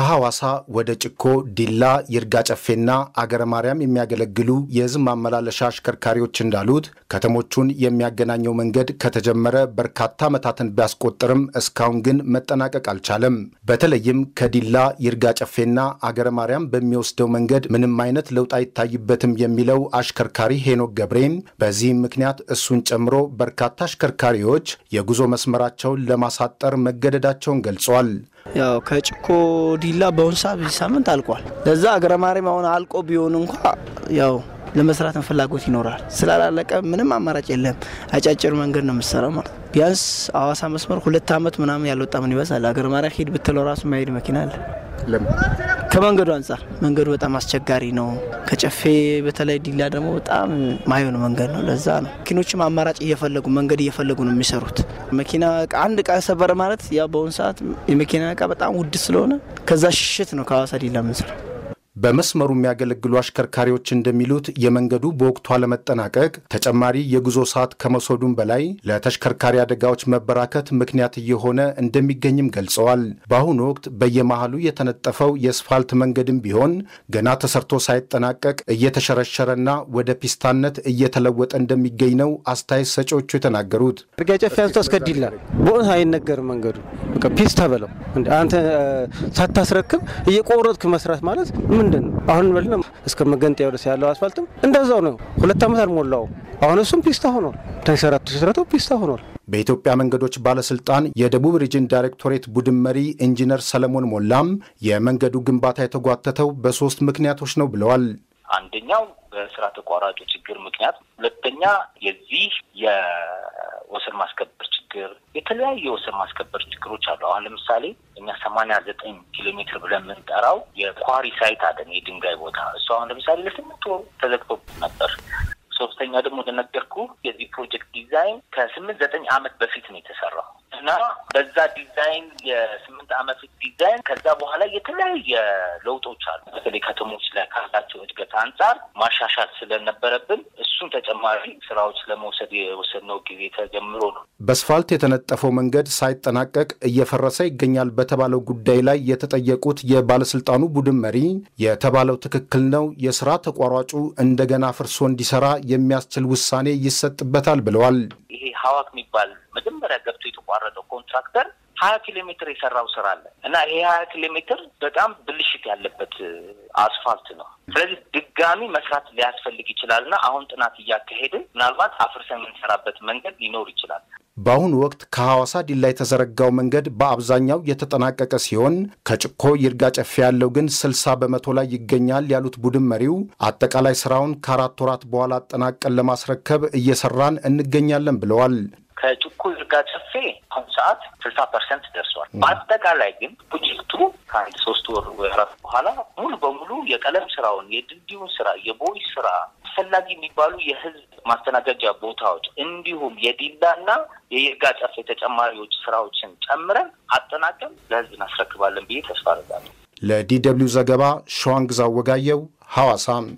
ከሐዋሳ ወደ ጭኮ፣ ዲላ፣ ይርጋ ጨፌና አገረ ማርያም የሚያገለግሉ የህዝብ ማመላለሻ አሽከርካሪዎች እንዳሉት ከተሞቹን የሚያገናኘው መንገድ ከተጀመረ በርካታ ዓመታትን ቢያስቆጥርም እስካሁን ግን መጠናቀቅ አልቻለም። በተለይም ከዲላ ይርጋ ጨፌና አገረ ማርያም በሚወስደው መንገድ ምንም አይነት ለውጥ አይታይበትም የሚለው አሽከርካሪ ሄኖክ ገብሬም በዚህም ምክንያት እሱን ጨምሮ በርካታ አሽከርካሪዎች የጉዞ መስመራቸውን ለማሳጠር መገደዳቸውን ገልጿል። ያው ከጭኮ ቢላ በአሁኑ ሰዓት ሳምንት አልቋል። ለዛ አገረ ማርያም አሁን አልቆ ቢሆን እንኳ ያው ለመስራትን ፍላጎት ይኖራል። ስላላለቀ ምንም አማራጭ የለም። አጫጭር መንገድ ነው የምሰራው ማለት ነው። ቢያንስ ሀዋሳ መስመር ሁለት አመት ምናምን ያልወጣ ምን ይበዛል። አገር ማርያም ብትለው ራሱ ማሄድ መኪና አለ። ከመንገዱ አንጻር መንገዱ በጣም አስቸጋሪ ነው። ከጨፌ በተለይ ዲላ ደግሞ በጣም ማየሆን መንገድ ነው። ለዛ ነው መኪኖችም አማራጭ እየፈለጉ መንገድ እየፈለጉ ነው የሚሰሩት። መኪና አንድ እቃ ሰበረ ማለት ያው በአሁኑ ሰዓት የመኪና እቃ በጣም ውድ ስለሆነ ከዛ ሽሽት ነው ከሀዋሳ ዲላ ምንስራ በመስመሩ የሚያገለግሉ አሽከርካሪዎች እንደሚሉት የመንገዱ በወቅቱ አለመጠናቀቅ ተጨማሪ የጉዞ ሰዓት ከመውሰዱም በላይ ለተሽከርካሪ አደጋዎች መበራከት ምክንያት እየሆነ እንደሚገኝም ገልጸዋል። በአሁኑ ወቅት በየመሃሉ የተነጠፈው የአስፋልት መንገድም ቢሆን ገና ተሰርቶ ሳይጠናቀቅ እየተሸረሸረና ወደ ፒስታነት እየተለወጠ እንደሚገኝ ነው አስተያየት ሰጪዎቹ የተናገሩት። እርጋጨፍ ያንስቶ አስከዲላ በእውነት መንገዱ ፒስታ በለው አንተ ሳታስረክብ እየቆረጥክ መስራት ማለት ምን ምንድን ነው አሁን መልነ እስከ መገንጠያ ድረስ ያለው አስፋልትም እንደዛው ነው። ሁለት ዓመት አልሞላውም። አሁን እሱም ፒስታ ሆኗል። ተንሸራቶ ተሸራቶ ፒስታ ሆኗል። በኢትዮጵያ መንገዶች ባለስልጣን የደቡብ ሪጅን ዳይሬክቶሬት ቡድን መሪ ኢንጂነር ሰለሞን ሞላም የመንገዱ ግንባታ የተጓተተው በሶስት ምክንያቶች ነው ብለዋል። አንደኛው በስራ ተቋራጩ ችግር ምክንያት፣ ሁለተኛ የዚህ የወሰን ማስከበር የተለያዩ የወሰን ማስከበር ችግሮች አሉ። አሁን ለምሳሌ እኛ ሰማንያ ዘጠኝ ኪሎ ሜትር ብለን የምንጠራው የኳሪ ሳይት አለን፣ የድንጋይ ቦታ እሱ አሁን ለምሳሌ ለስምንት ወሩ ተዘግቶብን ነበር። ሶስተኛ ደግሞ እንደነገርኩ የዚህ ፕሮጀክት ዲዛይን ከስምንት ዘጠኝ ዓመት በፊት ነው የተሰራው። እና በዛ ዲዛይን የስምንት ዓመት ዲዛይን ከዛ በኋላ የተለያየ ለውጦች አሉ። በተለይ ከተሞች ላይ ካላቸው እድገት አንጻር ማሻሻል ስለነበረብን እሱን ተጨማሪ ስራዎች ለመውሰድ የወሰድነው ጊዜ ተጀምሮ ነው። በስፋልት የተነጠፈው መንገድ ሳይጠናቀቅ እየፈረሰ ይገኛል በተባለው ጉዳይ ላይ የተጠየቁት የባለስልጣኑ ቡድን መሪ የተባለው ትክክል ነው፣ የስራ ተቋራጩ እንደገና ፍርሶ እንዲሰራ የሚያስችል ውሳኔ ይሰጥበታል ብለዋል። ይሄ ሀዋክ የሚባል መጀመሪያ ገብቶ የተቋረጠው ኮንትራክተር ሀያ ኪሎ ሜትር የሰራው ስራ አለ እና ይሄ ሀያ ኪሎ ሜትር በጣም ብልሽት ያለበት አስፋልት ነው። ስለዚህ ድጋሚ መስራት ሊያስፈልግ ይችላል እና አሁን ጥናት እያካሄድን ምናልባት አፍርሰን የምንሰራበት መንገድ ሊኖር ይችላል። በአሁኑ ወቅት ከሐዋሳ ዲላ የተዘረጋው መንገድ በአብዛኛው የተጠናቀቀ ሲሆን ከጭኮ ይርጋ ጨፌ ያለው ግን ስልሳ በመቶ ላይ ይገኛል ያሉት ቡድን መሪው አጠቃላይ ስራውን ከአራት ወራት በኋላ አጠናቀን ለማስረከብ እየሰራን እንገኛለን ብለዋል። ርጋጨፌ አሁን ሰዓት ስልሳ ፐርሰንት ደርሷል። በአጠቃላይ ግን ፕሮጀክቱ ከአንድ ሶስት ወር ወራት በኋላ ሙሉ በሙሉ የቀለም ስራውን፣ የድልድዩን ስራ፣ የቦይ ስራ አስፈላጊ የሚባሉ የህዝብ ማስተናገጃ ቦታዎች እንዲሁም የዲላና የይርጋ ጨፌ ተጨማሪዎች ስራዎችን ጨምረን አጠናቀም ለህዝብ እናስረክባለን ብዬ ተስፋ አደርጋለሁ። ለዲ ደብልዩ ዘገባ ሸዋንግዛ ወጋየው ሐዋሳም